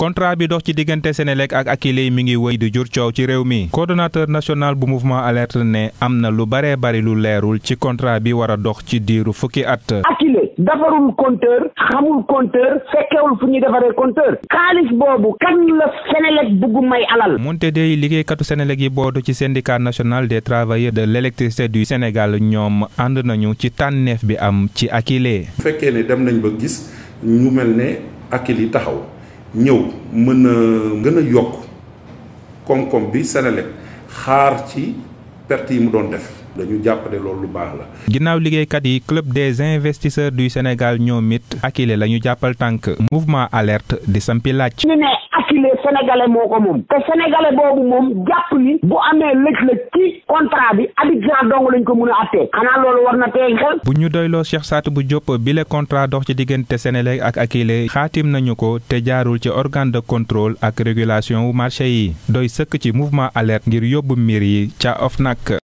contrat bi dox ci diggante Senelec ak Akilee mi ngi woy di jur coow ci réew mi coordonnateur national bu mouvement alerte ne am na lu baree bari lu leerul ci contrat bi war a dox ci diiru fukki at. Akilee defarul compteur xamul compteur fekkewul fu ñuy defaree compteur xaalis boobu kan la Senelec bugg alal. moonte dey liggéeykatu Senelec yi boodu ci syndicat national des travailleurs de l'électricité du Sénégal ñoom ànd nañu ci tànneef bi am ci Akilee. bu fekkee ñëw mën na gën a yokk koom-koom bi Senelec xaar ci perte yi mu doon def dañu jàppale ne loolu lu baax la. ginnaaw liggéeykat yi club des investisseurs du Sénégal ñoom it akile la ñu jàppal tànk mouvement alerte di sampi laaj. les sénégalais moo ko moom te sénégalais boobu moom jàpp ni bu amee lëj-lëj ci contrat bi Abidjan dong lañ ko mun a xanaa loolu war na xel bu ñu doyloo Cheikh Sadibou Diop bile contrat dox ci diggante Senelec ak Akilee xaatim nañu ko te jaarul ci organe de contrôle ak régulation wu marché yi doy sëkk ci mouvement alerte ngir yóbbu miir yi ca OFNAC